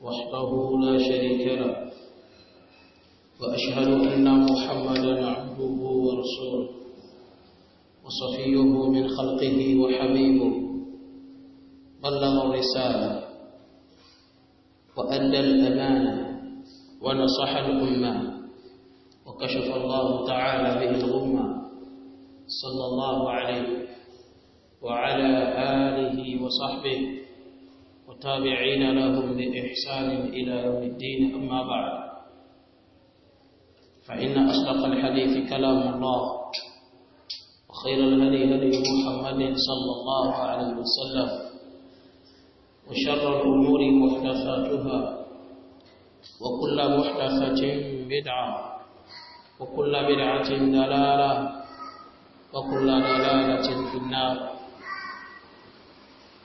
وحده لا شريك له وأشهد أن محمدا عبده ورسوله وصفيه من خلقه وحبيبه بلغ الرسالة وأدى الأمانة ونصح الأمة وكشف الله تعالى به الغمة صلى الله عليه وعلى آله وصحبه والتابعين لهم بإحسان إلى يوم الدين أما بعد فإن أصدق الحديث كلام الله وخير الهدي هدي محمد صلى الله عليه وسلم وشر الأمور محدثاتها وكل محدثة بدعة وكل بدعة دلالة وكل دلالة في النار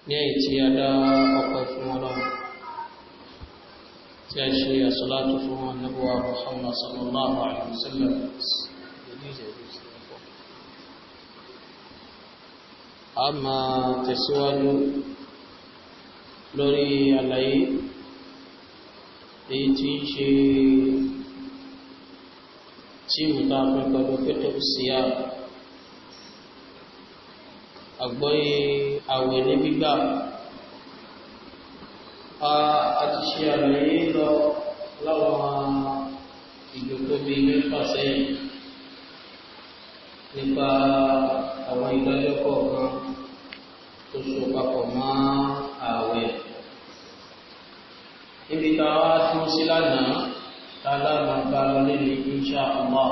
ní èyí tí a dá ọpẹ́ fún ọlọ́run tí a ṣe àsọlátò fún wọn níbúwa Muhammad sallallahu alaihi wasallam a máa tẹ̀síwájú lórí àlàyé èyí tí ń ṣe tí ìmúta pẹ̀lú pẹ̀lú síyá àgbọ́yé àwẹ̀ ní gbígbà àti ṣe àlàyé lọ láwọn ìjókòó bíi mẹ́fà sẹ́yìn nípa àwọn ìdájọ́ kọ̀ọ̀kan tó so papọ̀ mọ́ ààwẹ̀ níbi táwa tó sí lánàá tálámà bá lọ lẹ́nu insha Allah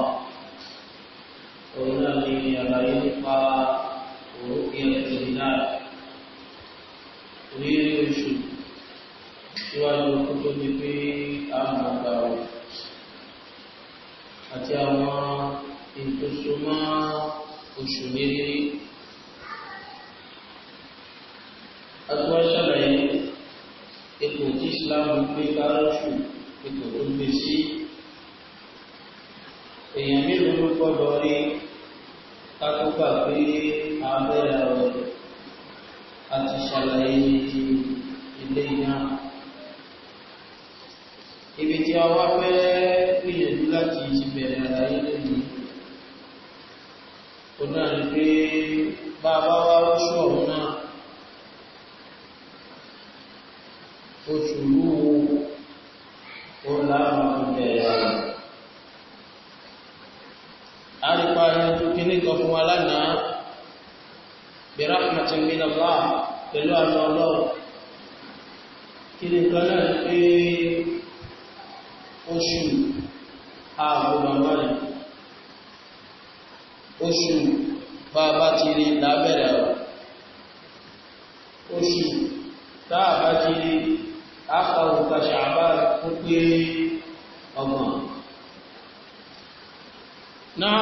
òun náà ni àlàyé nípa òun kí ẹ̀ oríire oṣù síwájú ọkọ̀ tó di pé a mọ̀ ọ̀gá rẹ̀ àti àwọn ìtòsọmọ́ oṣù nílé atúwá ṣàlàyé ipò tí Islam gbé kárọ́ṣù ipò tó gbé sí èèyàn mélòó ló gbọ́dọ̀ rí kákó gbà pé abẹ́rẹ́ rẹ̀ àti ṣàlàyé إلينا ibi tí a wá fẹ́ gbìyànjú láti ti bẹ̀rẹ̀ àlàyé lẹ́nu kò náà ní pé bá bá wá lọ́ṣọ́ ọ̀hún náà oṣù lúwo ó láàrín ọ̀gbẹ̀ ẹ̀yà àrípa ẹni tó kí ní kan fún wa lánàá bí rahmatin min pẹ̀lú àtọ́ ọlọ́run kìlì kan náà pé oṣù àbúgbàmọ́lẹ̀ oṣù bàbá ti rí lábẹ̀rẹ̀ ọ̀rọ̀ oṣù táàbá ti rí ápàwùkà ṣàbá ó pé ọmọ náà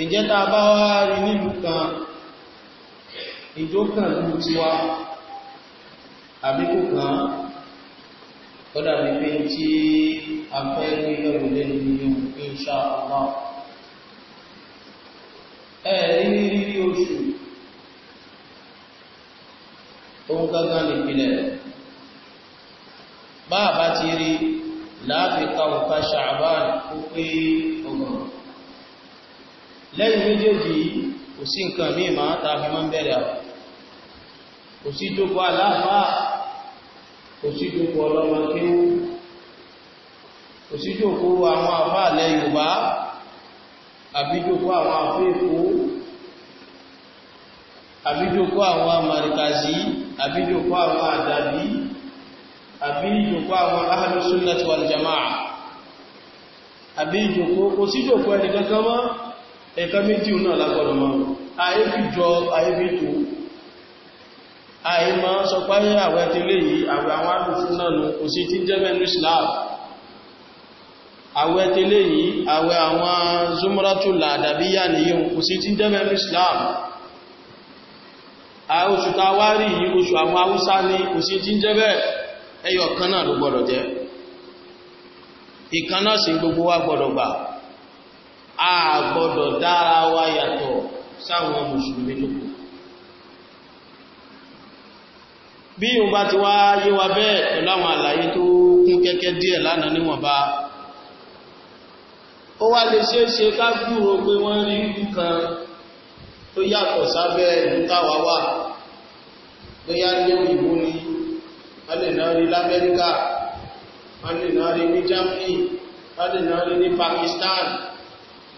ìjẹta bá wá rí nílùú kan ìjókàn ló ti wá àbíkù kan kọ́dà ní pé tí a fẹ́ rí ẹ̀rù lẹ́nu nínú insha Allah ẹ̀rí rírí oṣù ohun gangan nìpínlẹ̀ bá a bá ti rí láàfíkà òkà Ṣàbán ó pé ọgbọ̀n lẹ́yìn méjèèjì kò sí nǹkan míì máa tàbí máa bẹ̀rẹ̀ kò sí jókòó aláàfáà kò sí jòkó ọlọ́mọ kéwú kò sí jòkó àwọn àfá alẹ́ Yorùbá àbí jòkó àwọn àfá Èkó àbí jòkó àwọn amàrìkàzí àbí jòkó àwọn àdàbí àbí jòkó àwọn ahlu sunnah wal jamaa àbí jòkó kò sí jòkó ẹni kankan mọ́ ẹ̀ka méjì náà lágbọ́dọ̀ àìmọ́ sọ pé àwẹ̀ ti lè yìí àwẹ̀ àwọn alùfún náà nù kò tí jẹ́ Islam àwẹ̀ ti lè yìí àwẹ̀ àwọn zumratu làdàbíyà nìyàn kò sí tí jẹ́ mẹ́nu Islam oṣù tàwárí yìí oṣù àwọn haúsá ní kò sí tí jẹ́ bẹ́ẹ̀ ẹyọ kan náà ló gbọ́dọ̀ a gbọ́dọ̀ dára wa yàtọ̀ sáwọn mùsùlùmí bí ìwọ̀n bá ti wá yé wa bẹ́ẹ̀ pẹ̀lú àwọn àlàyé tó kún kẹ́kẹ́ díẹ̀ lánàá níwọ̀nba ó wá lè ṣe é ṣe ká gbúrò pé wọ́n rí ìlú kan tó yàtọ̀ sábẹ́ ìlú táwa wà bóyá ní òyìnbó ni wọ́n lè náà rí lamẹ́ríkà wọ́n lè náà rí ní Germany wọ́n lè náà rí ní Pakistan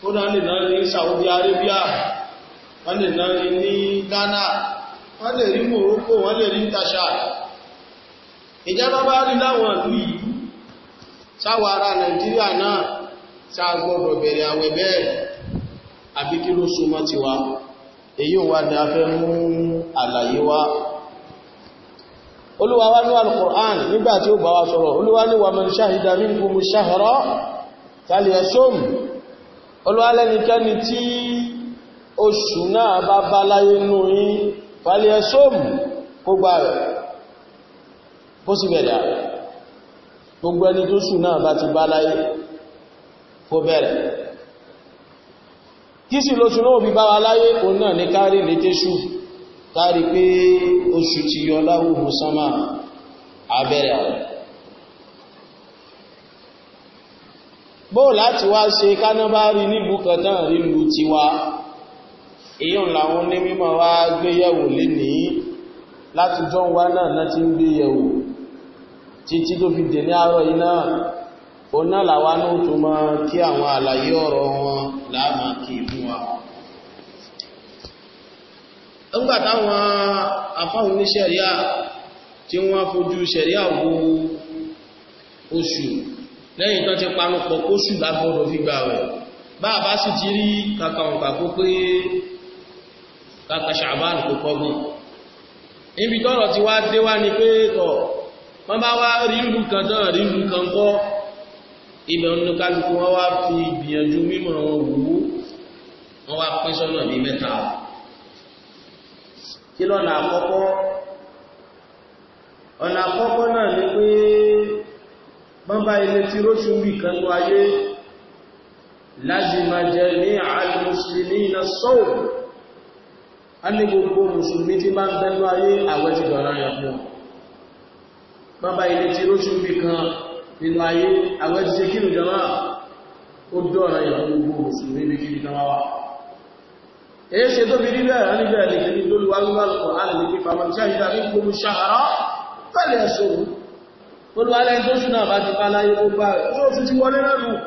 wọ́n lè náà rí ní Saudi Arabia wọ́n lè náà rí ní Ghana wọ́n lè rí Morocco wọ́n lè rí tasha ìjábá bá rí láwọn ìlú yìí sáwọ̀ ara Nàìjíríà náà sáàgbọ́dọ̀ bẹ̀rẹ̀ àwẹ̀ àbí kí ló súnmọ́ ti wá èyí wà ní afẹ́ mú àlàyé wá olúwa ní al-Qur'an nígbàtí ó bá wá sọ̀rọ̀ olúwa ní wa man shahida minkumu shahra falyasum olúwa lẹ́nikẹ́ni tí oṣù náà bá bá láyé nú yín fàlẹ̀ ẹ̀ṣọ́mù kó gbà rẹ̀ kó sì bẹ̀rẹ̀ rẹ̀ gbogbo ẹni tó sùn náà bá ti bá láyé kó bẹ̀rẹ̀ kí sì lóṣù náà bí bá wa láyé o náà ní kárí ní tẹ́ṣù kárí pé oṣù ti yọ láwùhùn sánmà abẹ́rẹ̀ rẹ̀ bóò láti wá ṣe kánábárí nílùú kan náà rí èyí ń làwọn ní mímọ̀ wá gbéyẹ̀wò lè ní láti jọ wá náà náà ti ń gbéyẹ̀wò títí tó fi dè ní àárọ̀ yìí náà o náà làwá náà tó mọ́ kí àwọn àlàyé ọ̀rọ̀ wọn láàmà kí fún wa nígbà táwọn afáhùn bá bá sì ti rí kàkàǹkà pé káka ṣàbáàlù kò kọgbọ́n ibi tọ́rọ̀ ti wá dé wá ní pé tọ̀ wọ́n bá wá rílù kan tán rílù kan kọ́ ibẹ̀ wọ́n wá fi ìgbìyànjú mímọ̀ wọn wù wọ́n wá pín sọ́nà ní mẹ́ta kí lọ́nà àkọ́kọ́ ọ̀nà àkọ́kọ́ náà ni pé a ní gbogbo mùsùlùmí tí bá ń bẹ́nu ayé àwẹ̀ ti dọ̀rọ̀ rẹ̀ fún bàbá ilé tí ó ṣù bí kan nínú ayé àwẹ̀ ti ṣe kí nù jọmọ́ ó dọ̀rọ̀ rẹ̀ fún gbogbo mùsùlùmí bí kí nìkan wá èé ṣe tó fi níbẹ̀ rẹ̀ níbẹ̀ lè fi lórí wálúwálùkọ̀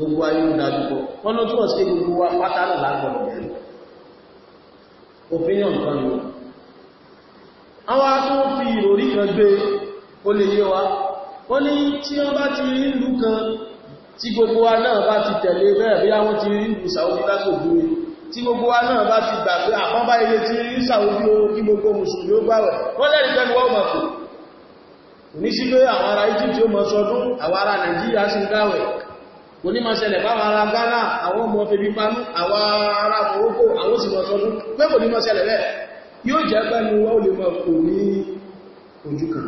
gbogbo ayé ń dájúkọ wọ́n ló túnmọ̀ sí gbogbo wa pátánà lágbọ̀nà rẹ̀ opinion kan ló àwọn tó ń fi ìròrí kan gbé ó lè yé wa wọ́n ní tí wọ́n bá ti rí ìlú kan tí gbogbo wa náà bá ti tẹ̀lé bẹ́ẹ̀ bí àwọn ti rí ìlú sàúdí bá ilé ti rí sàúdí ó kí gbogbo mùsùlùmí ó gbàwẹ̀ wọ́n lẹ́rìí pẹ́lú wọ́n mọ̀ kò ní sí àwọn ará Egypt ó mọ̀ sọdún àwọn ará Nàìjíríà sì ń kò ní máa ṣẹlẹ̀ báwọn ará Ghana àwọn ọmọ fẹ́ bí pánú àwọn ará Morocco àwọn sì lọ sọdún pé kò ní máa ṣẹlẹ̀ bẹ́ẹ̀ yóò jẹ́ pẹ́ ni wọ́n lè máa kò ní ojú kan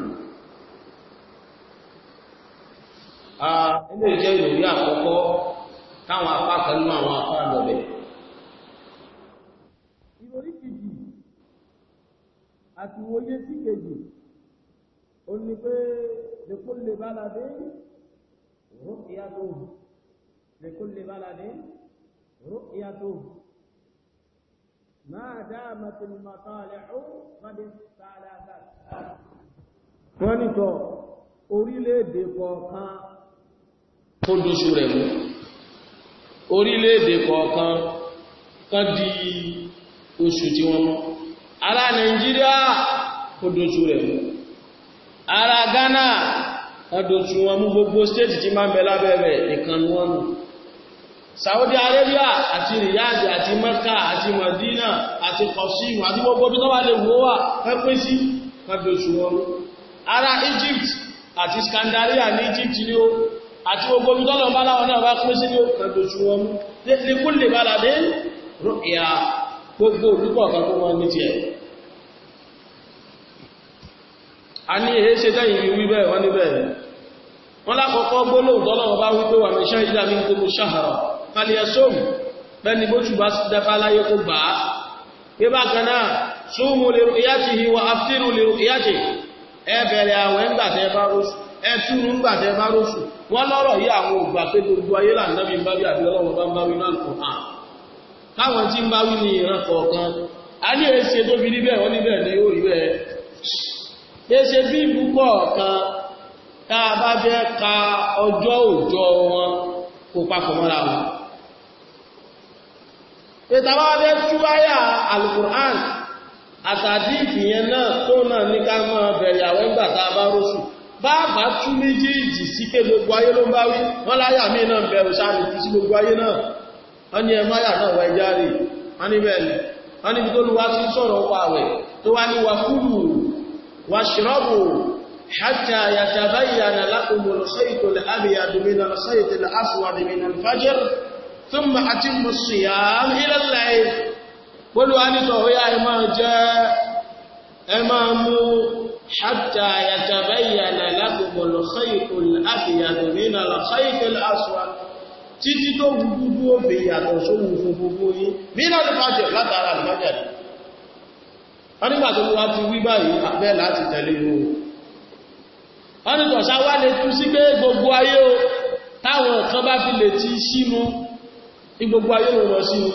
ilé jẹ́ ìròyìn àkọ́kọ́ táwọn apá kan ní àwọn apá lọ́bẹ̀ ìròyìn kejì àti wòye sí kejì ó ní pé lè kó lè bá làdé rúkìá lóhùn لكل بلد رؤيته ما دامت المطالع قد استعلت wọ́n ní tọ́ orílẹ̀-èdè kọ̀ọ̀kan kó dúṣù rẹ̀ mú orílẹ̀-èdè kọ̀ọ̀kan kan di oṣù tí wọ́n mọ́ ara Nàìjíríà kó dúṣù rẹ̀ mú ara Ghana kan dúṣù wọn mú gbogbo stéètì tí máa ń bẹ lábẹ́rẹ̀ nìkan wọ́n mú Saudi Arabia àti Riyadh àti Mecca àti Madina, àti Qasim àti gbogbo bí tọ́wà lè wó wà pẹ́pẹ́ sí pẹ́pẹ́ oṣù ara Egypt àti Scandaria ní Egypt ni ó àti gbogbo bí tọ́lọ̀ bá láwọn náà bá pẹ́ sí ní pẹ́pẹ́ oṣù wọn ní kú lè bára dé rọ́pìá gbogbo olúkọ̀ kan tó wọ́n ní tiẹ̀ a ní èé ṣe tẹ́yìn wí bẹ́ẹ̀ lákọ̀ọ́kọ́ gbólóhùn tọ́lọ́wọ́ bá wípé wà ní ṣáà ìdá ní gbogbo ṣáhàrà fàlìyàsóòmù bẹ́ni bá ndị dáfà láyé kó gbà á pé bákan náà súnmù lè rúkìyàtì wa aftiru lè rúkìyàtì ẹ bẹ̀rẹ̀ wọ́n lọ́rọ̀ yí àwọn ògbà pé gbogbo ayé ń bá bí bá ń bá káwọn tí ń bá wí ní ìran kọ̀ọ̀kan a ní èsè tó fi níbẹ̀ wọ́n níbẹ̀ ní bí ka ọjọ́ òòjọ́ wọn papọ̀ mọ́ra ìtàbá abẹ́ túbáyà alukur'an àtàdí ìfìyẹn náà tó náà ní ká máa bẹ̀rẹ̀ àwọn ìgbà tá a bá róṣù bá bá tú méjèèjì sí pé gbogbo ayé ló ń bá wí wọ́n láyà mí náà bẹ̀rù sáàrì sí gbogbo ayé náà wọ́n ní ẹmáyà náà wà ìjá ثم atimmu الصيام ila الليل، layl bólúwa nítọ̀ ọ̀yá ẹ máa jẹ́ ẹ máa mú hatta yatabayyana lakumul khaytul abyad minal khaytil aswad títí tó gbogbo òfè yàtọ̀ sóhun fún gbogbo yí nínú àdìbájẹ̀ látara àdìbájẹ̀ rẹ̀. wọ́n nígbà tó wá ti wí báyìí abẹ́ láti tẹ̀lé o wọ́n ní tọ̀sá wá lè tún sí pé gbogbo ayé o táwọn kan bá fi lè ti símú ní gbogbo ayé wọn wọ́n sí ni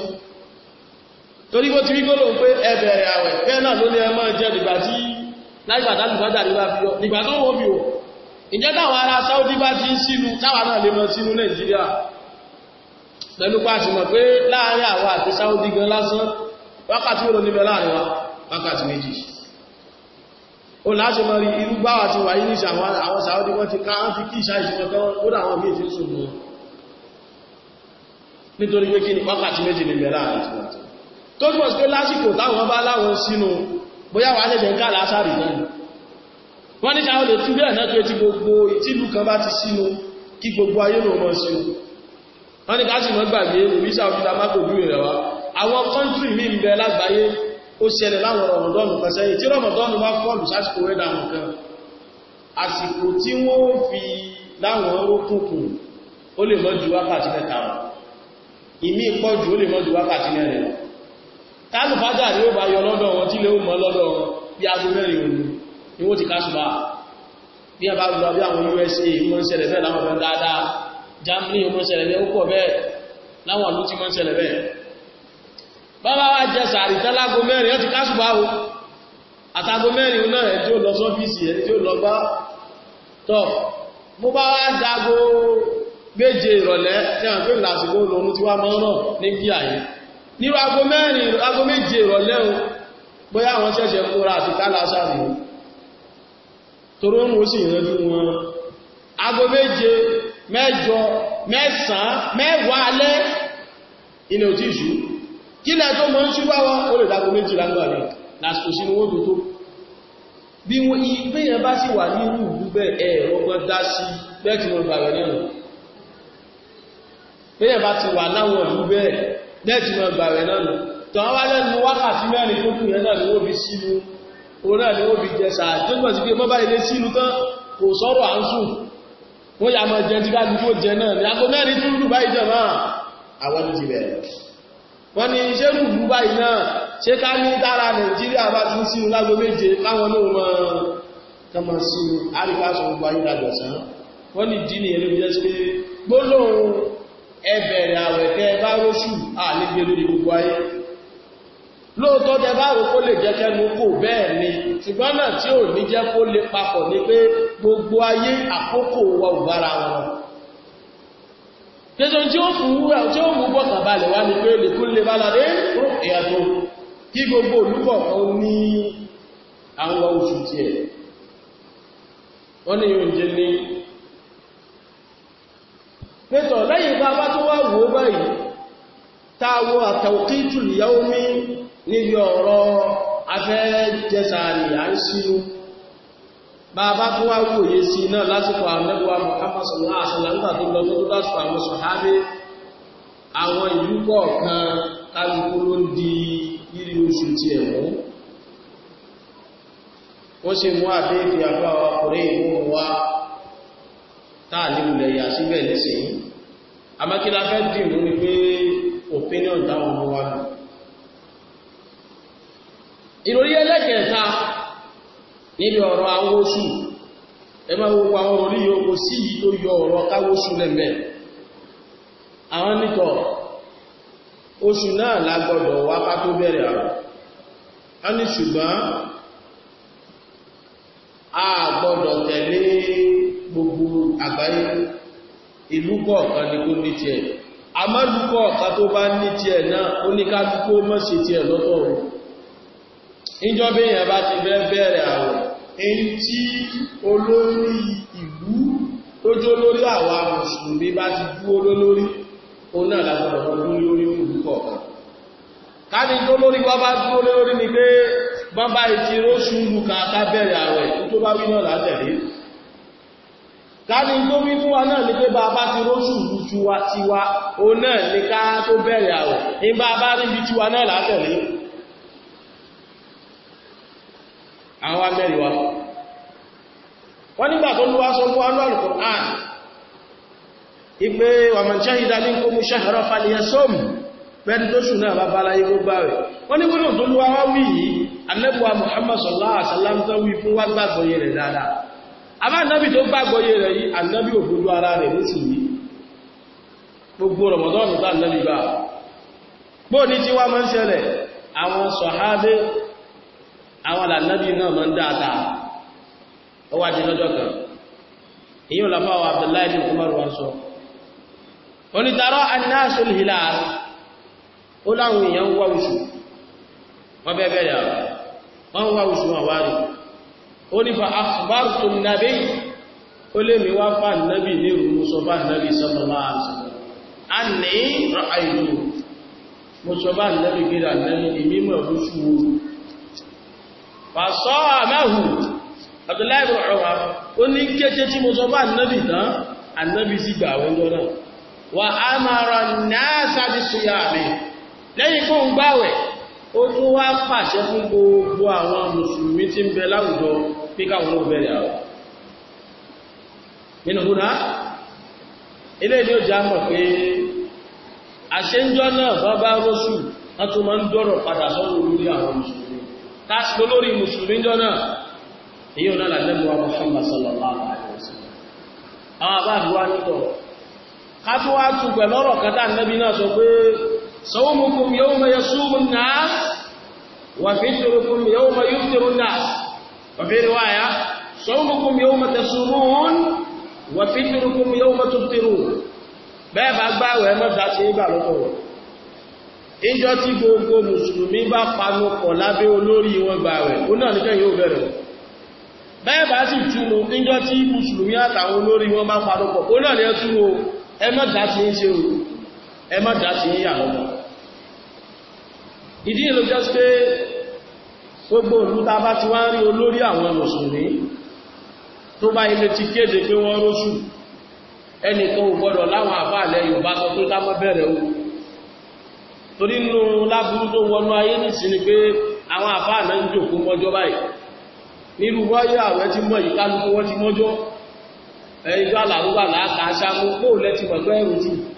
torí bó ti rí gbọ́lọ̀ pé ẹbẹ̀rẹ̀ àwẹ̀ bẹ́ẹ̀ náà ló ní ẹ máa jẹ́ nígbà tí láìpàdá o ìjẹ́ táwọn ará Saudi bá ti ń sínú táwa náà lè mọ sínú Nàìjíríà pẹ̀lú pa àti mọ̀ pé láàárín àwa àti Saudi gan lásán wákàtí mélòó níbẹ̀ láàárín wa wákàtí méjì ó láti mọ rí irú báwa ti wà yìí ní àwọn Saudi wọ́n ti ká wọ́n ti kí ìṣàìṣẹ́ wọn kódà àwọn ti ń sòmù wọn nítorí pé kí ni wákàtí méjì ní mẹ́lá àti tó túnmọ̀ sí pé lásìkò táwọn bá láwọn sínú bóyá wà lẹ́jẹ̀ ń ká lásàrì náà wọ́n ní sáwọn lè tún bẹ́ẹ̀ náà pé tí gbogbo ìtìlú kan bá ti sínú kí gbogbo ayé ló mọ́ sí wọ́n ní káàsì mọ́ gbàgbé òbíṣà òkúta mákò bí rẹ̀ wá àwọn kọ́ntìrì mí ń bẹ lágbàáyé ó ṣẹlẹ̀ láwọn rọ̀mọ̀dọ́nù kan sẹ́yìn tí rọ̀mọ̀dọ́nù bá fọ́ọ̀lù sásìkò wẹ́dà nǹkan àsìkò ìmí pọ̀jù ó lè mọ́ ju wákàtí mẹ́rin lọ káàlù fájà ni ó bá yọ lọ́dọ̀ wọn tí lè ó mọ́ lọ́dọ̀ wọn bí aago mẹ́rin òru ni wọ́n ti káṣùbà bí a bá gbọ́ bí àwọn USA wọ́n láwọn ọ̀bẹ dáadáa wa jẹ sàárì tán lágo mẹ́rin ó ti káṣùbà o àtàgo mẹ́rin náà ẹ̀ tí ó lọ sọ́fíìsì méje ìrọ̀lẹ́ tí a ń pè lásìkò lóòrùn tí wá mọ́ náà ní bí àyè ní aago mẹ́rin aago méje ìrọ̀lẹ́ o bóyá àwọn ṣẹ̀ṣẹ̀ kóra àti kálásà ní torún ó sì ìrẹ́jú wọn aago méje mẹ́jọ mẹ́sàn mẹ́wàá alẹ́ ilẹ̀ òtí ìṣú kí lẹ́ tó mọ́ ń ṣúgbà wá ó lè dágbó méjì lágbàrẹ̀ bá sì wà ní irú ìlú bẹ́ẹ̀ ẹ̀rọ gbọ́n sí bẹ́ẹ̀ tí wọ́n gbàgbẹ̀ nínú bẹ́ẹ̀ bá ti wà láwọn ìlú bẹ́ẹ̀ lẹ́ẹ̀tì mọ̀ bà rẹ̀ náà tó wá lẹ́nu wákàtí mẹ́rin tó kùn náà ni ó fi sínú òun náà ni ó fi jẹ sàá tó gbọ́n sí pé mọ́ bá ilé sínú tán kò sọ́rọ̀ à ń sùn wọ́n yà mọ̀ jẹ tí bá jẹ náà ni àgọ́ mẹ́rin tó lù báyìí jẹ náà àwọn ti bẹ̀rẹ̀ wọ́n ní iṣẹ́ lù lù báyìí náà ṣé ká ni ẹlẹ́gbẹ́ sí pé ẹbẹ̀rẹ̀ àwẹ̀kẹ́ bá róṣù àlejò lórí gbogbo ayé lóòtọ́ jẹ bá rò kó lè jẹ́ kẹnu kò bẹ́ẹ̀ ni ṣùgbọ́n náà tí ò ní jẹ́ kó lè papọ̀ ní pé gbogbo ayé àkókò wa ò bára wọn jẹ́jọ tí ó fún wúra tí ó mú bọ́ta balẹ̀ wá ní pé lè kú lè bálàdé fún ìyàtọ̀ kí gbogbo olúkọ̀ kan ní àwọn oṣù tiẹ̀ wọ́n pẹ́tọ̀ lẹ́yìn bá bá tó wá wò báyìí táwọ àtàwọ̀kítù ìyàwó mi níbi ọ̀rọ̀ afẹ́jẹsàárì à ń sínú bá bá tó wá wòye sí náà lásìkò àmẹ́gbà mọ̀káfàsọ̀lá àṣàlágbà tó lọ tó lásìkò àwọn sọ̀hábé àwọn ìlú wọ́n sì mú àbẹ́ ìfìyàgbà ọkùnrin ìmú wa táà nílùlẹ̀ yà síbẹ̀ nísìnyí amákílá fẹ́ dìmú ni pé opinion dáwọn ọmọ wa lù ìròrí ẹlẹ́kẹ̀ẹ́ta níbi ọ̀rọ̀ awóṣù ẹmọ gbogbo àwọn orí yóò sí yìí tó yọ ọ̀rọ̀ káwóṣù lẹ́mẹ̀ àwọn nìtọ̀ oṣù náà lágbọ́dọ̀ wá tó bẹ̀rẹ̀ àrùn a ní ṣùgbọ́n a àgbáyé ìlú kọ̀ọ̀kan ni kó ní tiẹ̀ àmọ́lù kọ̀ọ̀kan tó bá ní tiẹ̀ náà ó ní ká kó mọ́ ṣe tiẹ̀ lọ́tọ̀ rẹ̀ ìjọba èèyàn bá ti fẹ́ bẹ̀rẹ̀ àwẹ̀ èyí tí olórí ìlú tó jó lórí àwa mùsùlùmí bá ti dúró lórí òun náà lágbọ́dọ̀ lórí lórí ìlú kọ̀ọ̀kan káni tó lórí wá bá pé bọ́n ìtì róṣù lùkà ká bẹ̀rẹ̀ àwẹ̀ tó bá wí látẹ̀lé láti tó wí fún wa náà ní pé bá bá ti róṣù tiwa tiwa o náà ní ká tó bẹ̀rẹ̀ àwọ̀ ní bá bá rí bí tiwa náà látẹ̀lé àwọn amẹ́rin wa wọ́n nígbà tó lúwá sọ fún anú Al-Qur'an ìpé waman shahida minkumu shahra Muhammad sallallahu alaihi wasallam tó wí fún wá gbàgbọ́yẹ̀ rẹ̀ àbá ànábì tó gbàgbọ́yé rẹ̀ yìí ànábì òfojú ara rẹ̀ ní sí yìí gbogbo rọmọdọ́nù tá ànábì bá gbó ní tí wá mọ́ ń ṣẹlẹ̀ àwọn sọ̀hábé àwọn ànábì náà mọ́ ń dáadáa ó lọ́jọ́ kan èyí ò lọ́pàá wa Abdullahi bin Umar wa sọ onítàrọ́ anáṣul hilal ó láwọn èèyàn ń wá oṣù wọ́n bẹ́ẹ̀ bẹ́ẹ̀ yà wọ́n wá oṣù wọn wá rí ó ní fa akhbartu nàbí ó lè mi wá fà nàbí ní ìrùn sọ bá nàbí sallallahu alaihi wasallam a ní ra'aytu mo sọ bá nàbí gíra nàbí ní mímọ̀ lóṣù wo fàṣọ́ àmáhù Abdullahi ibn Umar ó lẹ́yìn fún gbáwẹ̀ ó tún wá pàṣẹ fún gbogbo àwọn mùsùlùmí tí ń bẹ láwùjọ pé káwọn ó bẹ̀rẹ̀ àwọ̀ nínú húnná ilé ni ó jẹ́ àmọ̀ pé àṣẹ́njọ́ náà bá rọ́ṣù wọ́n tún máa ń dọ́rọ̀ padà sọ́rọ̀ lórí àwọn mùsùlùmí tásìkò lórí mùsùlùmí jọ náà èyí ò náà وفطركم يوم يفطر الناس وفي رواية صومكم يوم تصومون وفطركم يوم تفطرون bẹ́ẹ̀ bá gbààwẹ̀ mọ́ta sí ìgbà lọ́tọ̀wọ̀ ìjọ tí gbogbo mùsùlùmí bá panupọ̀ lábẹ́ olórí wọn gbààwẹ̀ ó náà níjọ́ yóò bẹ̀rẹ̀ bẹ́ẹ̀ bá sì túnú ìjọ tí mùsùlùmí àtàwọn olórí wọn bá panupọ̀ ó náà níjọ́ túnú ẹmọ́ta sí ń ṣe ẹmọ́ta sí ń yà gbogbo òlú bá ti wá ń rí olórí àwọn mùsùlùmí tó bá ilé ti kéde pé wọ́n róṣù ẹnìkan ò gbọ́dọ̀ láwọn àbáàlẹ̀ Yorùbá sọ pé ká mọ́ bẹ̀rẹ̀ o torí nínú láburú tó wọnú ayé nìsín ni pé àwọn àbáàlẹ̀ ń jòkó mọ́jọ́ báyìí nínú wáyé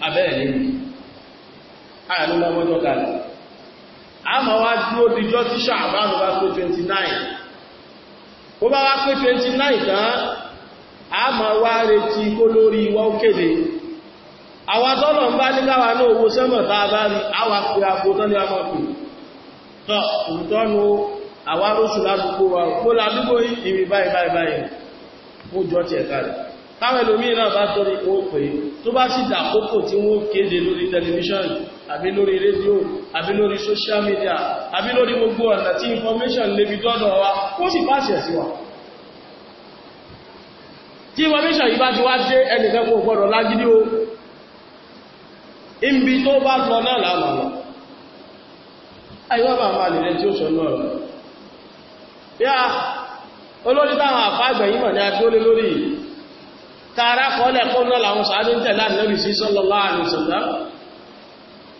àwẹ́ a ma wá dúró díjọ́ tí ṣàbánù bá pé 29 ó bá wá pé 29 tán a ma wá retí kó lórí wọ́n kéde àwọn tọ́lọ̀ ń bá níláwà ní owó sẹ́mọ̀ tàà bá ní àwà pé àpò tán ní a máa pè tọ́ ìtọ́nu àwà oṣù ládùúgbò wa kó ládùúgbò ìrìn báyìí báyìí báyìí mú jọ ti ẹ̀ka rẹ̀ táwọn ẹlòmíràn bá tọ́rí ó pè tó bá sì dàkókò tí wọ́n kéde lórí tẹlifíṣọ̀nì àbí lórí rédíò àbí lórí social media àbí lórí gbogbo ọ̀nà tí information lè fi dọ́dọ̀ wa ó sì pàṣẹ sí wa tí information yìí bá ti wá dé ẹnìkan kò gbọdọ̀ lágídí o ibi tó bá lọ náà lálàlọ́ àìwọ́n máa máa lè rẹ tí ó sọ náà rẹ̀ yá olórí táwọn àfáàgbẹ̀ yìí mọ̀ ní àti ó lé lórí tààrà kọ́lẹ̀ kọ́ náà làwọn sàádé ń tẹ̀lá nẹ́bì sí sallallahu alaihi wasallam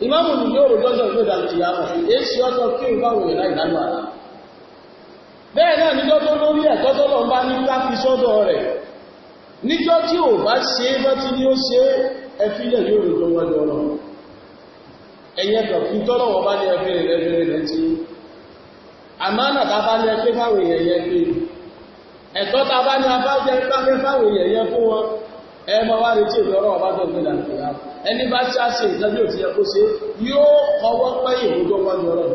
ìmáàmù ni yóò rò lọ́jọ́ ìlú ìdàlùjì àwọn èsì ọjọ́ kí n báwọn ìlà ìdánù àlá bẹ́ẹ̀ náà níjọ́ tó lórí ẹ̀tọ́ tó lọ bá ní káfí sọ́dọ̀ rẹ̀ níjọ́ tí ò bá ṣe é bá ti ní ó ṣe ẹfílẹ̀ yóò rò tó wọ́n lọ́rọ̀ ẹ̀yẹ kọ̀kí tọ́lọ̀ wọn bá ní ẹgbẹ́ ìrẹ́bẹ̀rẹ̀ rẹ̀ ti àmánà ta bá ní ẹgbẹ́ fáwọn èèyàn yẹn pé ẹ̀tọ́ ta bá ní abájẹ́ fáwọn èèyàn yẹn fún wọn ẹ máa wá retí ìlú ọ̀rọ̀ ọba tó ń gbéra nìyà ẹni bá tí a ṣe ìtọ́jú òtí yẹ kó ṣe yóò kọwọ́ pẹ́ ìwòjọ́ wọn ní ọ̀rọ̀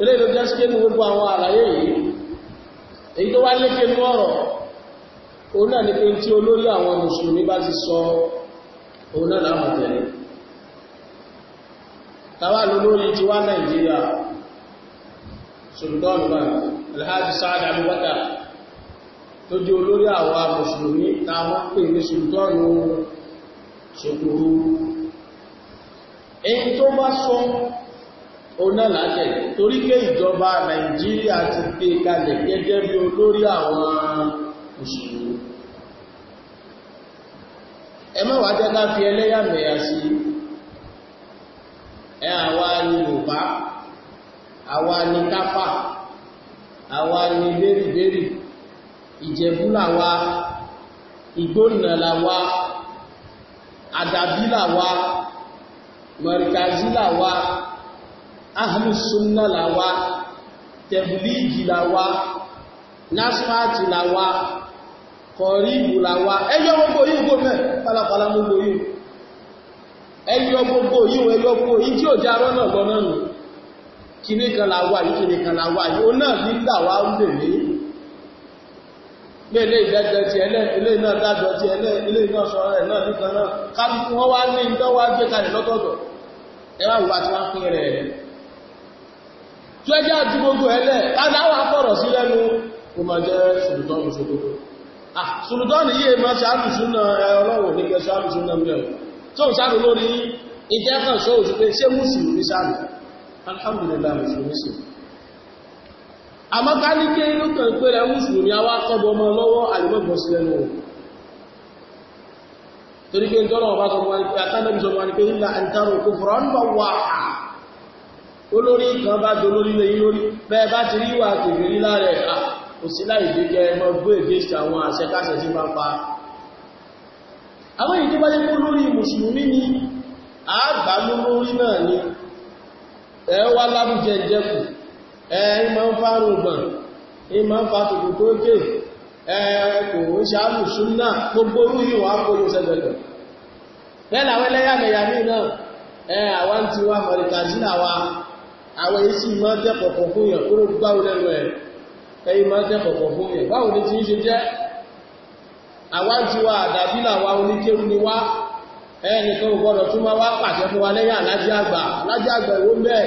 ilé ìlú jẹ́ síké ní gbogbo àwọn àlàyé yìí èyí tó wá lékè ní ọ̀rọ̀ òun náà ní pé tí olórí àwọn mùsùlùmí bá ti sọ òun náà láwọn tàwa ti wá tó jẹ́ olórí àwa mùsùlùmí táwọn pè ní sultanu ṣokòrò èyí tó bá sọ ọ̀nà lájẹ̀ torí pé ìjọba nàìjíríà ti gbé kalẹ̀ gẹ́gẹ́ bí olórí àwọn mùsùlùmí ẹ má wá jẹ́ ká fi ẹlẹ́yàmẹ̀yà sí ẹ àwa ni yorùbá àwa ni káfà àwa ni bẹ́rìbẹ́rì ìjẹ̀bú làwa ìgbónà làwa àdàbí la mọ̀rìkàzí làwa ahùsùnà làwa tẹ̀bùlíìgì làwa násífàtì làwa kọ̀ríbù làwa ẹyọ gbogbo yìí mẹ́ pálapàla gbogbo yìí ẹyọ gbogbo yìí ẹyọ gbogbo yìí tí ó já náà pé ilé ìdẹ́jẹ́ ti ẹlẹ́ ilé iná dájọ́ ti ẹlẹ́ ilé iná sọ̀rọ̀ ẹ̀ náà nìkan náà kálukú wọn wá ní ìdán wá gbé kalẹ̀ lọ́tọ̀ọ̀tọ̀ ẹ wá wùwá tí wọ́n pín rẹ̀ ẹ̀ tí ó jẹ́ àti gbogbo ẹlẹ́ káàdá wà fọ̀rọ̀ sí lẹ́nu kò máa jẹ́ sùlùdọ́nù ṣogbogbo ah, sùlùdọ́nù yìí máa ṣàlùsúnà ọlọ́run ní kẹsàn àlùsúnà mẹ́rin tó ń sáré lórí ìjẹ́kàn sọ òṣùpẹ́ ṣé mùsùlùmí sáré alhamdulillah mùsùlùmí sùn àmọ́ ká ní kí ló kàn pé rẹ̀ mùsùlùmí a wá kọ́bọ ọmọ lọ́wọ́ àlùmọ́gbọ̀ sí ẹnu wọn torí pé ìjọ́nà ọba sọ wọn pé àtàlẹ́bí sọ wọn pé illa an taru kufran bawwa'a olórí kan bá jọ lórí lè lórí bẹ́ẹ̀ bá ti rí ìwà àtòrí nílá rẹ̀ kò sí láì dé jẹ ẹmọ gbé àwọn ìdí bá jẹ́ pé lórí mùsùlùmí ni àgbà lórí náà ni ẹ wá lábùjẹ Ee, máa ń fa rògbọ̀n ẹ̀yìn máa ń fa tòkù tó kè ẹ̀kò ń ṣe àlùsùn náà gbogbo orú yìí wà kó ló sẹ́gbẹ̀gbẹ̀ bẹ́ẹ̀ náà ẹ̀ àwọn ti wá wa àwọn isi ma máa ẹnìkan tún wá fún wa àgbà àgbà ìwó mẹ́ẹ̀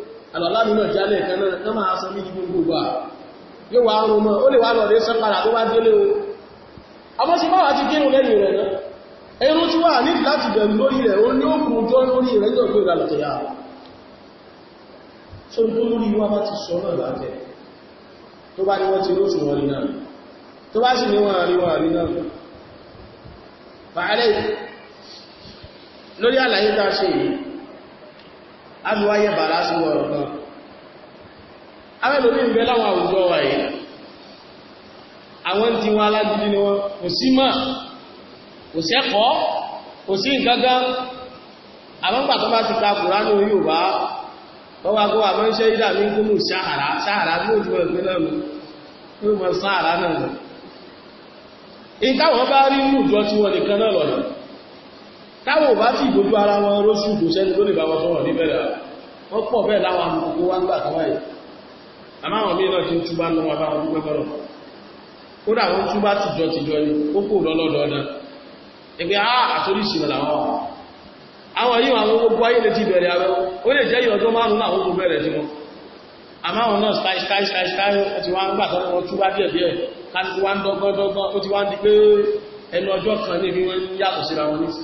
àlọ́lá mi náà jálẹ̀ kan náà kán máa sọ ní gbogbo gbà yóò wá rún mọ́ ó lè wá lọ rí sọ́pàdà tó bá délé o ọmọ sí máa ti kírun lẹ́yìn rẹ̀ náà ẹ̀rùn tí wà ní láti bẹ̀rù lórí rẹ̀ ó ní òkú jọ lórí rẹ̀ jọ agbíwáyé bàrá sí ọ̀rọ̀ kan àwọn ìlòmí ìgbẹ́ láwọn àwùjọ wà yìí àwọn tí wọ́n alágídí ni wọ́n kò sí mà kò sẹ́kọ́ kò sí ìgangan àwọn pàtó bá ti ka kùránù Yorùbá wọ́n wá gbọ́ àwọn iṣẹ́ ìdá mi gúnmù sáàrá sáàrá ní òjú ẹ̀gbẹ́ náà yóò mọ̀ sáàrá náà ìtàwọn bá rí mú ìjọ tí wọ́n nìkan náà lọ́nà táwọn bá sì gbogbo ara wọn róṣù kò sẹ́ni tó lè bá wọn sọ̀rọ̀ ní bẹ̀rẹ̀ wọ́n pọ̀ bẹ́ẹ̀ láwọn gbogbo wá ń gbà kan àmáwọn míì náà ti ń túbá lọ́wọ́ wọn dúpẹ́ bọ́rọ̀ kódà ni ó kò lọ́lọ́dọ̀ ọ̀dà ẹgbẹ́ àtòríṣì làwọn àwọn yíò àwọn gbogbo ayé lè ti bẹ̀rẹ̀ àwẹ̀ ó lè jẹ́ ìyọ̀jọ́ márùn-ún àwọn gbogbo bẹ̀rẹ̀ sí wọn àmáwọn náà sky sky sky sky ó ti wá ń gbà sọ́nà wọn túbá díẹ̀ díẹ̀ kálukú wá ń dọ́gbọ́n dọ́gbọ́n ó ti wá ń di pé ẹnu ọjọ́ kan ní ibi wọn yàtọ̀ síra wọn nísì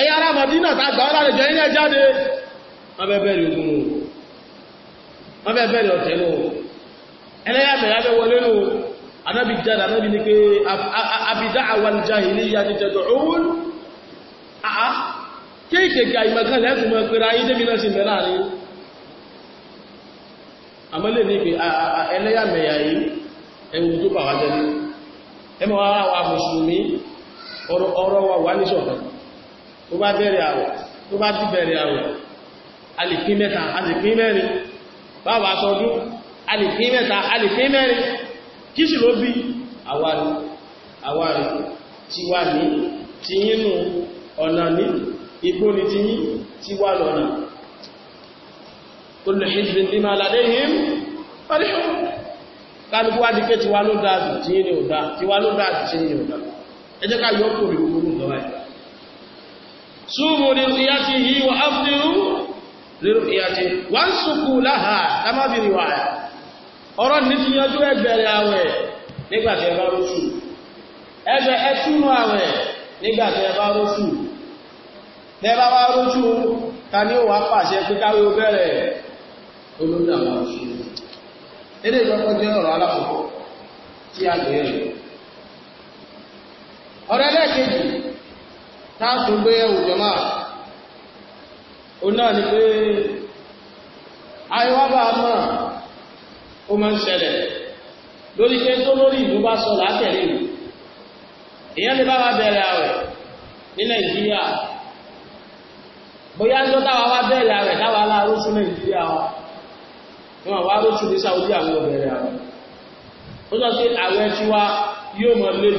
ẹ̀yà ara Madina tàgbà ọlárẹ̀ jẹ́ ilẹ̀ jáde wọ́n bẹ́ bẹ̀rẹ̀ ogun wọ́n bẹ́ bẹ̀rẹ̀ ọ̀tẹ̀ lọ ẹlẹ́yàmẹ̀yà bẹ́ wọlé lọ anábì jáde anábì ní pé abidá àwọn jahiliya ti jẹ́ òun àá kéèkèé àìmọ̀kan lẹ́sùn ọ̀rọ̀ wa wà ní ṣọ̀kan tó bá bẹ̀rẹ̀ àwẹ̀ tó bá ti bẹ̀rẹ̀ àwẹ̀ alìpín mẹ́ta alìpín mẹ́rin báwa sọdún alìpín mẹ́ta alìpín mẹ́rin kí sì ló bí àwárí àwárí tí wà ní tí yínú ọ̀nà ní igbó ni tí yín tí wà lọ́nà olùhìsì ní ká yọ rí gbogbo nǹkan báyìí súnmù liruyatihi wa afdiru liruyatihi wọ́n sùkú láhà lámábìrì wà ọ̀rọ̀ ní ti yanjú ẹgbẹ̀rẹ̀ àwẹ̀ nígbàtí ẹbá róṣù ẹgbẹ̀ ẹtúnú àwẹ̀ nígbàtí ẹbá róṣù tẹbá wá ta ní ó wà pàṣẹ pé káwé ó bẹ̀rẹ̀ táàtún gbé ẹwù jọmá o náà ni pé àìwábà náà o máa ń ṣẹlẹ̀ lórí pé tó lórí ìlú bá sọ látẹ̀lé ìlú èyàn lè bá wa bẹ̀rẹ̀ àwẹ̀ ní nàìjíríà bóyá ń tọ́ta wa wá bẹ̀rẹ̀ àwẹ̀ táwa aláàrú sí nàìjíríà wa wọn wá ló ṣùgbé sáwọ́dí àwọn obìnrin àwọn ó sọ sí àwẹ̀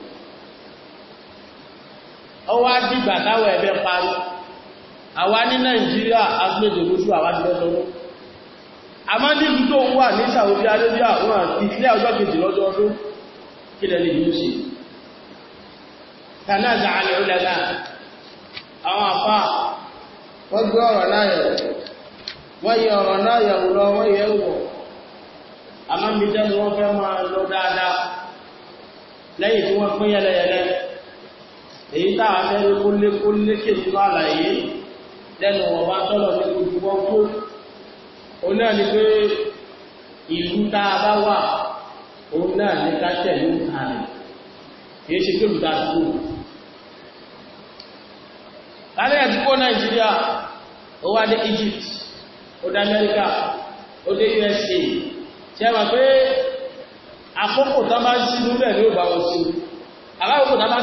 ó wá dìgbà táwọn ẹ̀bẹ̀ parí àwa ní nàìjíríà agbẹ́dògbóṣù àwájúlọ́sọ́wọ́ àmá nílùú tó wà ní Saudi Arabia wọn àti ilé ọjọ́ kejì lọ́jọ́ ọdún kí lẹ́ lè yíó sí tanaza alẹ́ọ̀lẹ́lá àwọn àfá wọ́n gbé ọ̀rọ̀ náà yẹ̀wò wọ́n yẹ lẹ́yìn tí wọ́n pín yẹlẹyẹlẹ èyí táà tẹ́lú kólékólékè nínú àlàyé lẹ́nu ọba tọ́lọ̀ ní ojúmọ́ kó òun náà ni pé ìlú dáadáa wà òun náà ní ká tẹ̀lé àmì kìí ṣe tó sí lálẹ́ ẹ̀dúkọ́ Nàìjíríà ó wá dé Egypt ó dé ó dé USA ṣe wà pé àkókò bá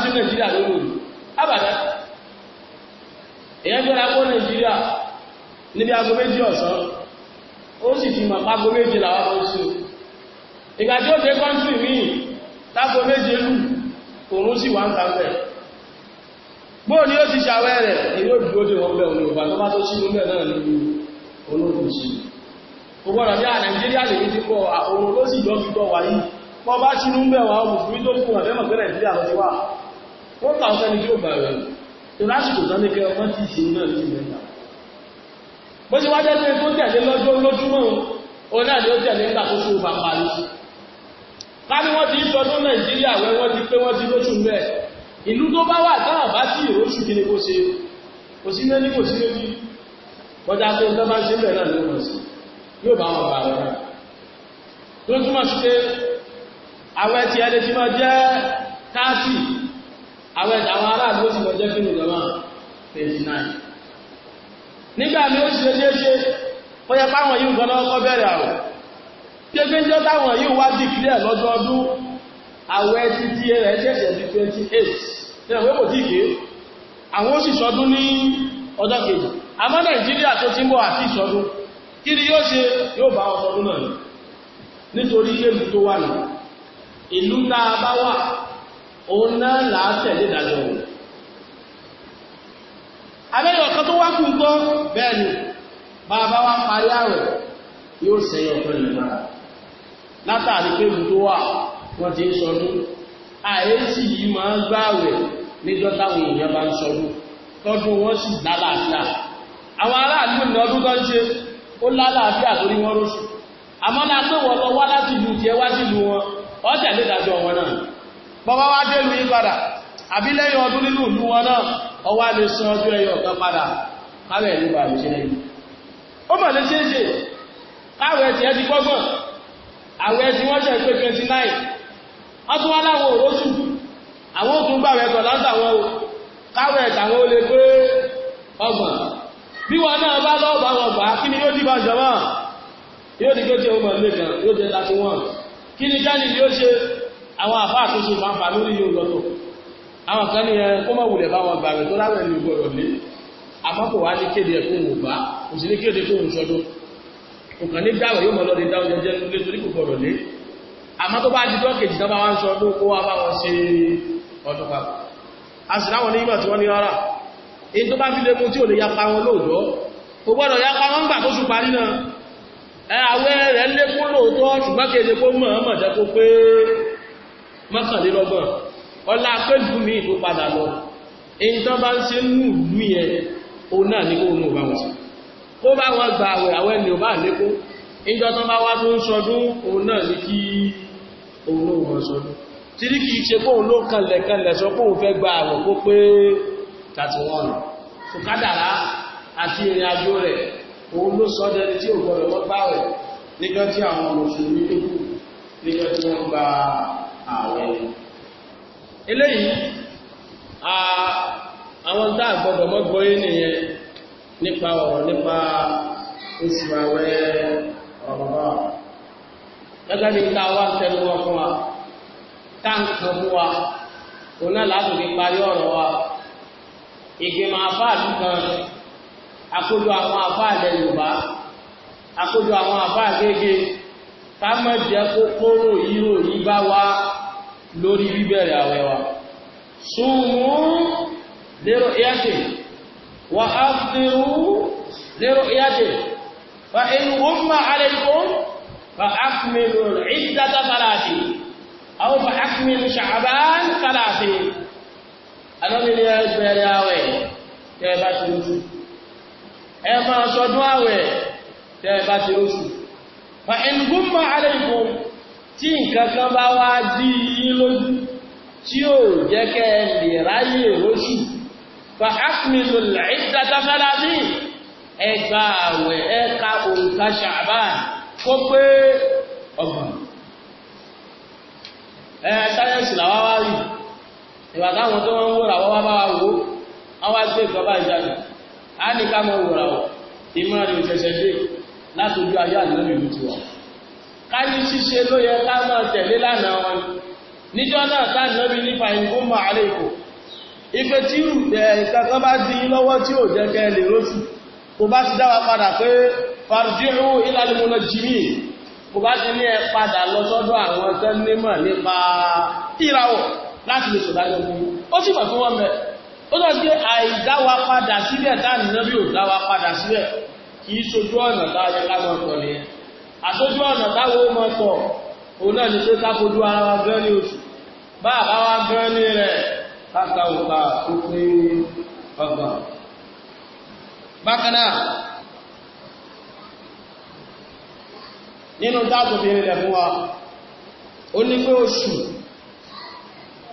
sí abàdá èyàn gbọ́ra kó nàìjíríà níbi aago méjì ọ̀sán ó sì fi màpá aago méjì làwọn ọmọ sùn ìgbà tí ó dé kọ́ńtì míì tágo méjì lù òun sì wá ń ta bẹ́ẹ̀ bóò ni ó ti ṣàwẹ́ rẹ̀ èyí ó dúró dé wọn bẹ́ẹ̀ òun ìgbà tó bá tó sínú bẹ́ẹ̀ náà nínú olóògùn sí ó gbọ́dọ̀ bí i nàìjíríà lè fi pọ̀ àwọn olóòsì lọ́ fi pọ̀ wáyé pọ̀ bá sínú bẹ́ẹ̀ wọn mùsùlùmí wọ́n kà ọ́sẹ́ ní kí ó bà rẹ̀ ìrásìkò tán ní kẹ ọmọ tí ìsìn náà ti mẹ́ta bó ṣe wá jẹ́ pé tó tẹ̀lé lọ́jọ́ lójúmọ́ o náà ni ó tẹ̀lé ńgbà tó ṣe òfà parí láti wọ́n ti sọ tó nàìjíríà wẹ́ wọ́n ti pé wọ́n ti lóṣù mẹ́ ìlú tó bá wà táà bá sí ìróṣù kí ni kó ṣe kò sí mẹ́ni kò sí méjì kọjá pé tó bá ṣe bẹ̀ náà ló mọ̀ sí yóò bá wọn bá wọn tó túmọ̀ sí pé àwọn ẹtì ẹni ti máa jẹ́ káàsì àwọn aráàlú ó sì lọ jẹ́ kí ní ìjọba 29 nígbà mi ó sì ṣe léṣe ó yẹ páwọn yìí gan lọ́kọ́ bẹ̀rẹ̀ àwọ̀ tí ẹgbẹ́ jẹ́ táwọn yìí wá dì kílẹ̀ lọ́dọọdún àwẹ̀ ti di rẹ̀ ṣẹ̀ṣẹ̀ di 28 ní ọ̀pẹ́ kò tí ìgbé àwọn ó sì sọdún ní ọjọ́ kejì àmọ́ Nàìjíríà tó ti ń bọ̀ àti ìsọdún kí ni yóò ṣe yóò bá ọsọdún náà nítorí ilé mi tó wà nù ìlú tá a bá wà òun náà làá tẹ̀lé ìdájọ́ òun abẹ́yọ̀ ọ̀kan tó wá kú ń kọ́ bẹ́ẹ̀ ni bàbá wa parí àwẹ̀ yóò sẹ́yọ̀ ọ̀kan lè mara látàrí pé mú tó wà wọ́n ti ń sọdún àyẹ́sì yìí máa ń gbáwẹ̀ níjọ́ táwọn èèyàn bá ń sọdún tọ́dún wọ́n sì lálàáfíà àwọn aráàlú ní ọdún tó ń ṣe ó bọ́bá wá dé lù padà àbí lẹ́yìn ọdún nínú ìlú wọn náà ọwá lè san ọjọ́ ẹyọ ọ̀kan padà káwẹ̀ ìlú bàbí ṣe lẹ́yìn ó mọ̀ lè ṣeé ṣe káwẹ̀ tí ẹ ti gbọ́gbọ̀n àwẹ̀ tí wọ́n ṣe pé 29 wọ́n tún wá láwọn òróṣù àwọn òkun gbàwẹ̀ tọ̀ látàwọn o káwẹ̀ tàwọn olè pé ọgbọ̀n bí wọn náà bá lọ́ọ̀ bá wọn gbà kí ni yóò dìbà jọmọ́ yóò dìgbò tí ó mọ̀ lẹ́kàn yóò jẹ́ 31 kí ni káni yóò ṣe àwọn àfáà tó ṣe bá ń pa lórí yóò lọ́tọ̀ àwọn kan ní ẹran kó mọ̀ wulẹ̀ bá wọn gbàgbẹ́ tó láwẹ̀ ní gbọ́dọ̀ lé àmọ́ kò wá ní kéde ẹ̀ fún òbá kò sí ní kéde fún òun sọdún kò kàn ní dáwẹ̀ yóò mọ̀ lọ́dẹ dáwọ̀ jẹjẹ lé torí kò gbọ́dọ̀ lé àmọ́ tó bá di dọ́kèjì tó bá wá ń sọdún kó wá bá fún lóòótọ́ ṣùgbọ́n kéde kó mọ̀ ọ́n mọ̀ jẹ́ pé mọ́kànlélọ́gbọ̀n ọlá pẹ́lú mi tó padà lọ èyí tán bá ń ṣe nù lú yẹn òun náà ní kó nù bá wọn sí kó bá wọn gba àwẹ̀ àwẹ̀ ni ò bá lékó ìjọ tán bá wá tó ń sọdún òun náà ní kí òun náà wọn sọdún tí ní kìí ṣe kóun ló kanlẹ̀ kanlẹ̀ sọ kóun fẹ́ gba àwẹ̀ kó pé tàti wọn nù kò kádàrá àti ìrìn àjò rẹ̀ òun ló sọ dẹni tí ò gbọdọ̀ wọ́n gbáwẹ̀ nígbà tí àwọn mùsùlùmí tó kù nígbà tí wọ́n gba ààwẹ̀ ni eléyìí àwọn tá àgbọ́dọ̀ mọ́gbọ́ yé nìyẹn nípa ọ̀rọ̀ nípa oṣù ààwẹ̀ ọ̀rọ̀ gẹ́gẹ́ bí ta wá tẹnu wọn fún wa tá ń kan fún wa òun náà láti fi parí ọ̀rọ̀ wa ìgbìmọ̀ àfáàlú kan àkójọ àwọn àfáàlẹ̀ Yorùbá àkójọ àwọn àfáàgége ká má jẹ́ kó kóró ìró yìí bá wa lórí bíbẹ̀rẹ̀ àwẹ̀ wa ṣùgbọ́n lérò ìyáṣẹ́ wà á fẹ́rú lérò ìyáṣẹ́ fa in umma alaykum fa akmilu al-iddata salati aw fa akmilu sha'ban salati Ànábì ẹgbẹ̀rẹ̀ àwẹ̀ tẹ́ fa in gumma tí nǹkan bá wá dí yín lójú tí ò jẹ́ kẹ́ lè ráyè lóṣù fa akmilu al-iddata salasin ẹgbà àwẹ̀ ẹ̀ka òǹkà Ṣàbáàn kó pé ọgbọ̀n ẹ sáyẹ́ǹsì làwọn wá rí lásojú ayé àdínlẹ́bì ìlú ti wà ká ní ṣíṣe ló yẹ ká máa tẹ̀lé lánàá wọn níjọ́ náà táàdínlẹ́bì nípa ìkó mọ̀ àlẹ́ ìkò ife tí ìkankan bá di lọ́wọ́ tí ò jẹ́ kẹ́ lè rótù kò bá ti dáwà padà pé farjihu ila al-munajjimin kò bá ti ní ẹ padà lọ sọ́dọ̀ àwọn tẹ́ nípa ìràwọ̀ láti lè sọ̀dájọ́ fún ó sì mọ̀ fún wọn bẹ́ẹ̀ ó sọ pé àìdáwà padà síbẹ̀ táàdínlẹ́bì ò dáwà padà síbẹ̀ kì í ṣojú ọ̀nà táyẹ káwọn tọ̀ nìyẹn àṣojú ọ̀nà táwọn ó mọ tọ̀ òun náà ni pé ká fojú ara wa gan ní oṣù bá àbá wa gan ní rẹ̀ káka òkà ó pé ọgbà. bákan náà nínú dáàbò fi rìnlẹ̀ fún wa ó ní pé oṣù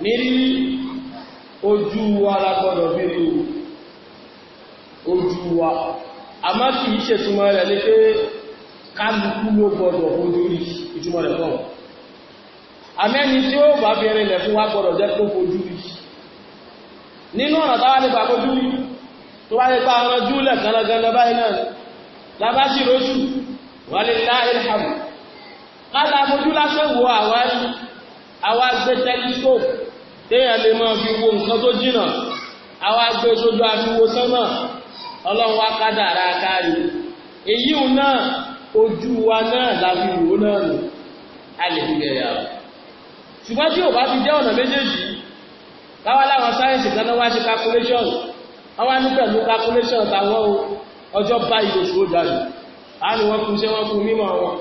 ní rírí ojú wa la gbọdọ̀ fi ojú wa a má kì í ṣe túnmọ̀ rẹ̀ ní pé kálukú ló gbọdọ̀ fojú rí ìtumọ̀ rẹ̀ náà àmẹ́ni tí ó bá fi rinlẹ̀ fún wa gbọdọ̀ jẹ́ tó fojú rí nínú ọ̀nà táwa nípa fojú rí tó bá nípa ọ̀rọ̀ júlẹ̀ kanagana ilhamu kálá fojú lásán wo àwa àwa gbé tẹlifóòpù téèyàn lè máa fi wo nǹkan tó jìnnà ọlọ́run wá kádàrá kárí èyí òun náà ojú wa náà láfi wò náà nù a lè fi bẹ̀rẹ̀ àrùn ṣùgbọ́n tí ò bá fi jẹ́ ọ̀nà méjèèjì báwa láwọn sáyẹ̀nsì kan náà wá ṣe calculation wọ́n wá ní pẹ̀lú calculation táwọn ọjọ́ báyìí oṣù ó àánú wọn kú wọn kú mímọ̀ wọn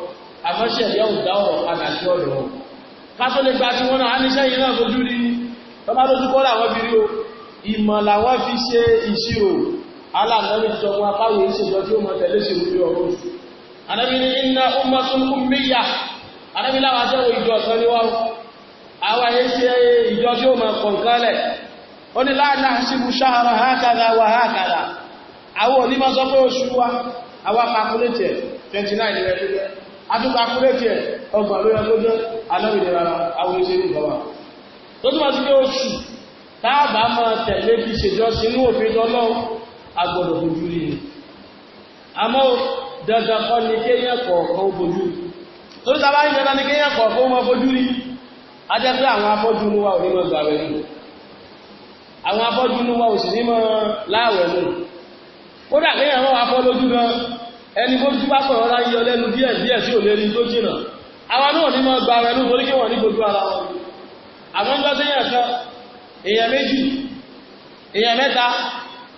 àmọ́ṣẹ́ ìyá òdá ọ̀rọ̀ padà sí ọ̀rọ̀ wọn kátólẹ̀ gba tí wọ́n náà á yìí náà lójú rí tọ́bá lójú kọ́ làwọn fi rí o ìmọ̀ làwọn fi ṣe ìṣirò aláàtọ́lù sọ fún apáwò ìṣèjọ tí ó mọ̀ tẹ̀lé sí orí ọ̀rọ̀ anábì ní iná ọmọ sunkún míyà anábì láwọn aṣẹ́wò ìjọ sọ ní wọ́n àwọn ayé sí ìjọ tí ó mọ̀ kọ̀ǹkálẹ̀ ó ní láàrín àṣìbù ṣáhara wà àwọn onímọ̀ sọ pé oṣù wa àwọn 29 rẹ̀ lóyọ ní àwọn tó túnmọ̀ sí pé oṣù táàbà máa tẹ̀lé fi ṣèjọ sínú òfin agbọ́dọ̀ fojú rí ni àmọ́ dandan kọ́ ni kéèyàn kọ̀ọ̀kan fojú rí tó ń sábà ń dandan ni kéèyàn kọ̀ọ̀kan mọ́ fojú rí ajẹ́pẹ́ àwọn afọ́jú inú wa ò ní mọ́ gbà rẹ̀ nù àwọn afọ́jú inú wa ò sì ní mọ́ láàwẹ̀ nù kódà kéèyàn wọn afọ́ lójú gan ẹni bó tún bá pọ̀ rọra yọ lẹ́nu díẹ̀ díẹ̀ sí òlérí tó jìnà àwọn náà ní mọ́ gbà rẹ̀ torí kí wọ́n ní gbogbo ara wọn àwọn gbọ́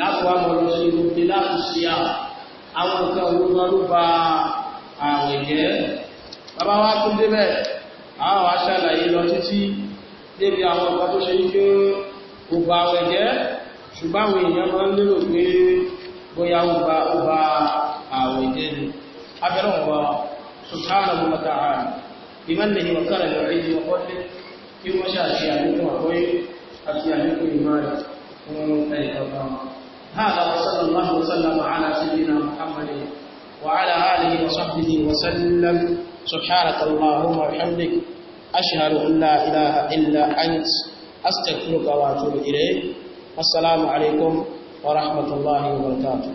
láti wá mọ̀ lọ sí ìrúté láti ṣe à àwọn nǹkan olóògbé ló ba àwẹ̀ jẹ́ bàbá wa tún débẹ̀ àwọn aṣàlàyé lọ títí débi àwọn ọ̀gá tó ṣe wípé kò ba àwẹ̀ jẹ́ ṣùgbọ́n àwọn èèyàn máa ń lérò pé bóyá ó ba àwẹ̀ jẹ́ ni abẹ́rẹ́ wọn subhanahu wa ta'ala بمنه وكرمه وعيده وفضله في مشاكل عليكم وقوي أتي عليكم إيمانكم أي هذا وصلى الله وسلم على سيدنا محمد وعلى آله وصحبه وسلم سبحانك اللهم وبحمدك أشهد أن لا إله إلا أنت أستغفرك وأتوب إليك السلام عليكم ورحمة الله وبركاته